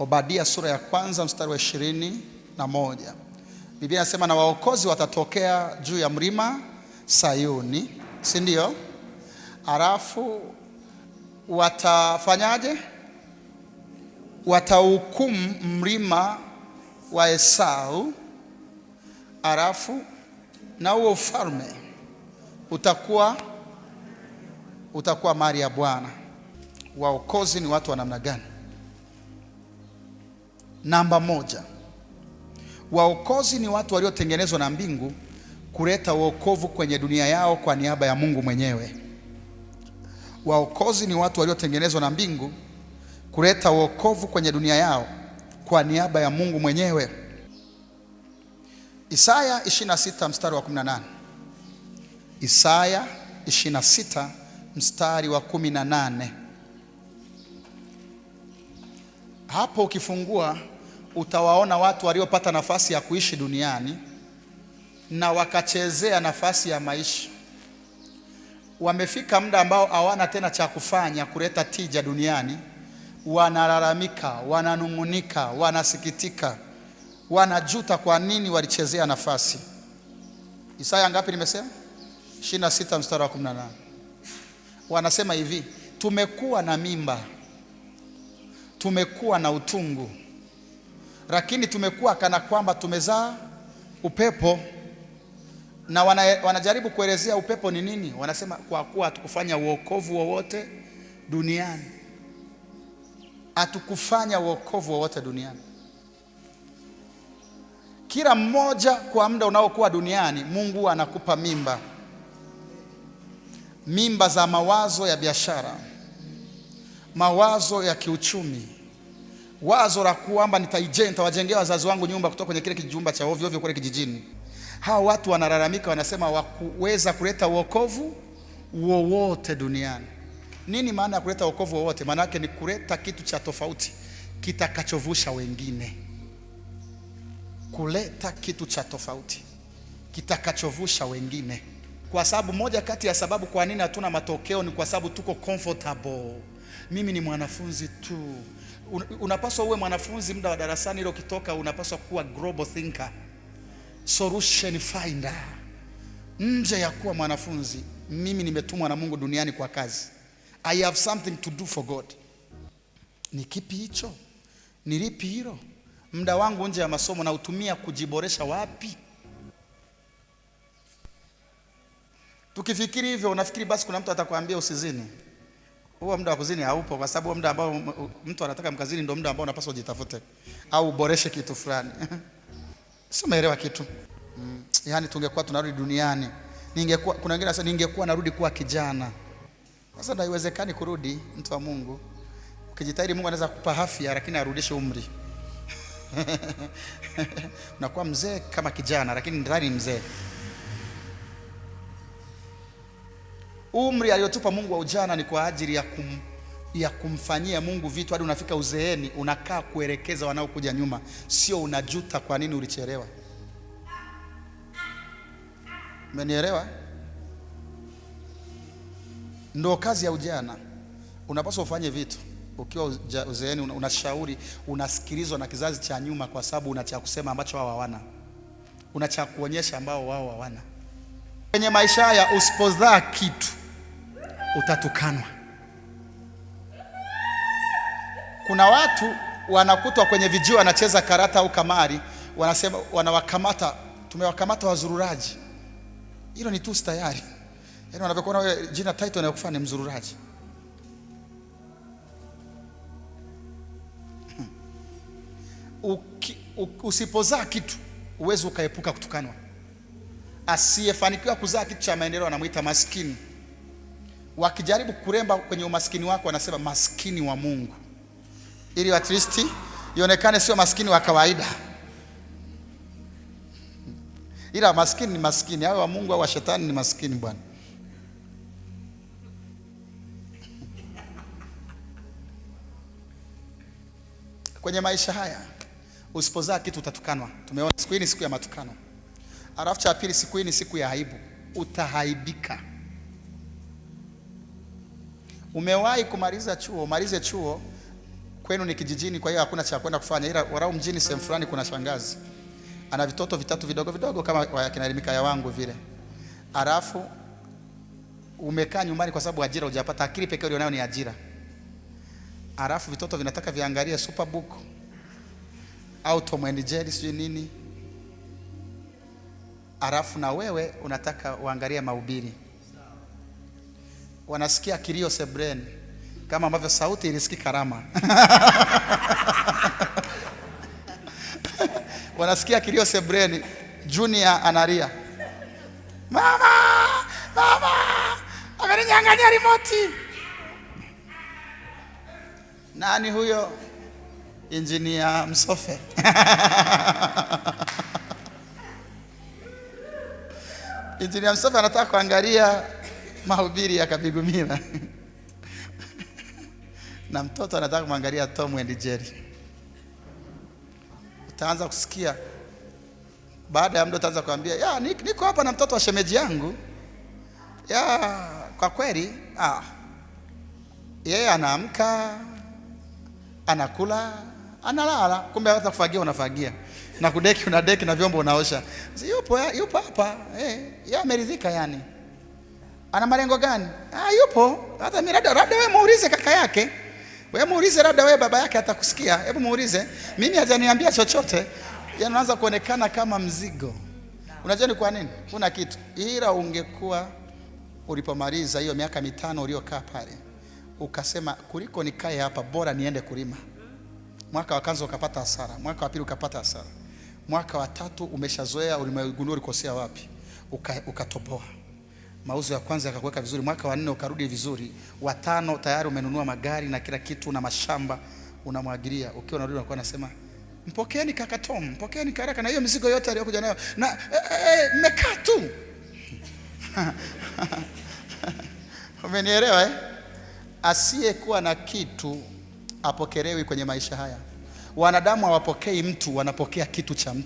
Obadia sura ya kwanza mstari wa ishirini na moja Biblia inasema na waokozi watatokea juu ya mlima Sayuni, si ndio? Halafu watafanyaje? Watahukumu mlima wa Esau, halafu na huo ufalme utakuwa utakuwa mali ya Bwana. Waokozi ni watu wa namna gani? Namba moja, waokozi ni watu waliotengenezwa na mbingu kuleta wokovu kwenye dunia yao kwa niaba ya Mungu mwenyewe. Waokozi ni watu waliotengenezwa na mbingu kuleta wokovu kwenye dunia yao kwa niaba ya Mungu mwenyewe. Isaya 26 mstari wa 18. Isaya 26 mstari wa 18. Hapo ukifungua utawaona watu waliopata nafasi ya kuishi duniani na wakachezea nafasi ya maisha. Wamefika muda ambao hawana tena cha kufanya kuleta tija duniani, wanalalamika, wananung'unika, wanasikitika, wanajuta kwa nini walichezea nafasi. Isaya ngapi nimesema? 26 mstari wa 18. Wanasema hivi, tumekuwa na mimba, tumekuwa na utungu lakini tumekuwa kana kwamba tumezaa upepo na wana, wanajaribu kuelezea upepo ni nini. Wanasema kwa kuwa hatukufanya uokovu wowote duniani, hatukufanya uokovu wowote duniani. Kila mmoja kwa muda unaokuwa duniani, Mungu anakupa mimba, mimba za mawazo ya biashara, mawazo ya kiuchumi wazo la kuamba nitawajengea wazazi wangu nyumba kutoka kwenye kile kijumba cha ovyo ovyo kule kijijini. Hawa watu wanalalamika, wanasema wakuweza kuleta wokovu wowote duniani. Nini maana ya kuleta wokovu wowote? Maana yake ni kuleta kitu cha tofauti kitakachovusha wengine, kuleta kitu cha tofauti kitakachovusha wengine, kwa sababu moja kati ya sababu kwa nini hatuna matokeo ni kwa sababu tuko comfortable. Mimi ni mwanafunzi tu unapaswa uwe mwanafunzi muda wa darasani, ile ukitoka unapaswa kuwa global thinker, solution finder. Nje ya kuwa mwanafunzi, mimi nimetumwa na Mungu duniani kwa kazi. I have something to do for God. Ni kipi hicho? Ni lipi hilo? Muda wangu nje ya masomo na utumia kujiboresha wapi? Tukifikiri hivyo, unafikiri basi kuna mtu atakwambia usizini? Huo muda wa kuzini haupo, kwa sababu muda ambao mtu anataka mkazini ndio muda ambao unapaswa ujitafute au uboreshe kitu fulani sio, umeelewa kitu mm. Yaani tungekuwa tunarudi duniani, ningekuwa kuna wengine sasa, ningekuwa narudi kuwa kijana. Sasa ndio haiwezekani kurudi, mtu wa Mungu. Ukijitahidi Mungu anaweza kukupa afya, lakini arudishe umri unakuwa mzee kama kijana, lakini ndani mzee Umri aliyotupa Mungu wa ujana ni kwa ajili ya, kum, ya kumfanyia Mungu vitu hadi unafika uzeeni, unakaa kuelekeza wanaokuja nyuma, sio unajuta kwa nini ulichelewa. Umenielewa? Ndo kazi ya ujana, unapaswa ufanye vitu ukiwa uzeeni, unashauri, unasikilizwa na kizazi cha nyuma, kwa sababu una cha kusema ambacho wao hawana, una cha kuonyesha ambao wao hawana. Kwenye maisha haya usipozaa kitu utatukanwa. Kuna watu wanakutwa kwenye vijio wanacheza karata au kamari, wanasema wanawakamata, tumewakamata wazururaji. Hilo ni tusi tayari, yaani wanavyokuona wewe, jina title inayokufaa ni mzururaji. Hmm. Usipozaa kitu uwezi ukaepuka kutukanwa. Asiyefanikiwa kuzaa kitu cha maendeleo anamwita maskini wakijaribu kuremba kwenye umaskini wako, wanasema maskini wa Mungu, ili at least ionekane sio maskini wa kawaida, ila maskini ni maskini, awe wa Mungu au wa shetani, ni maskini bwana. Kwenye maisha haya usipozaa kitu utatukanwa. Tumeona siku hii ni siku ya matukano, alafu cha pili, siku hii ni siku ya aibu, utahaibika umewahi kumaliza chuo, umalize chuo kwenu ni kijijini, kwa hiyo hakuna cha kwenda kufanya, ila warau mjini sehemu fulani kuna shangazi ana vitoto vitatu vidogo vidogo kama kina ya wangu vile, alafu umekaa nyumbani kwa sababu ajira hujapata, akili pekee ulionayo ni ajira, alafu vitoto vinataka viangalie Superbook au Tom and Jerry sijui nini, alafu na wewe unataka uangalie mahubiri wanasikia kilio sebreni kama ambavyo sauti ilisikika Rama. wanasikia kilio sebreni. Junior analia, mama, mama ameninyang'anya remote. Nani huyo? Injinia Msofe. Injinia Msofe anataka kuangalia mahubiri ya Kabigumira na mtoto anataka kumwangalia Tom and Jerry. Utaanza kusikia baada ya muda, utaanza kuambia ya niko hapa na mtoto wa shemeji yangu ya kwa kweli, ah, yeye anaamka anakula analala, kumbe hata kufagia unafagia na kudeki unadeki na vyombo unaosha, yupo yupo hapa eh, yeye ameridhika yani ana malengo gani? Ah, yupo hata mimi, labda labda wewe muulize kaka yake, wewe muulize, labda wewe baba yake atakusikia. Hebu muulize, mimi hajaniambia chochote. Yanaanza kuonekana kama mzigo. Unajua ni kwa nini? Kuna kitu, ila ungekuwa ulipomaliza hiyo miaka mitano uliokaa pale, ukasema kuliko nikae hapa, bora niende kulima. Mwaka wa kwanza ukapata hasara, mwaka wa pili ukapata hasara, mwaka wa tatu umeshazoea, ulimegundua ulikosea wapi, ukatoboa uka mauzo ya kwanza yakakuweka vizuri, mwaka wa nne ukarudi vizuri, watano tayari umenunua magari na kila kitu na mashamba unamwagilia, ukiwa unarudi unakuwa unasema mpokeeni kaka Tom, mpokeeni karaka na hiyo mizigo yote aliyokuja nayo na eh, eh, eh, mmekaa tu umenielewa eh? Asiyekuwa na kitu apokelewi kwenye maisha haya. Wanadamu hawapokei mtu, wanapokea kitu cha mtu.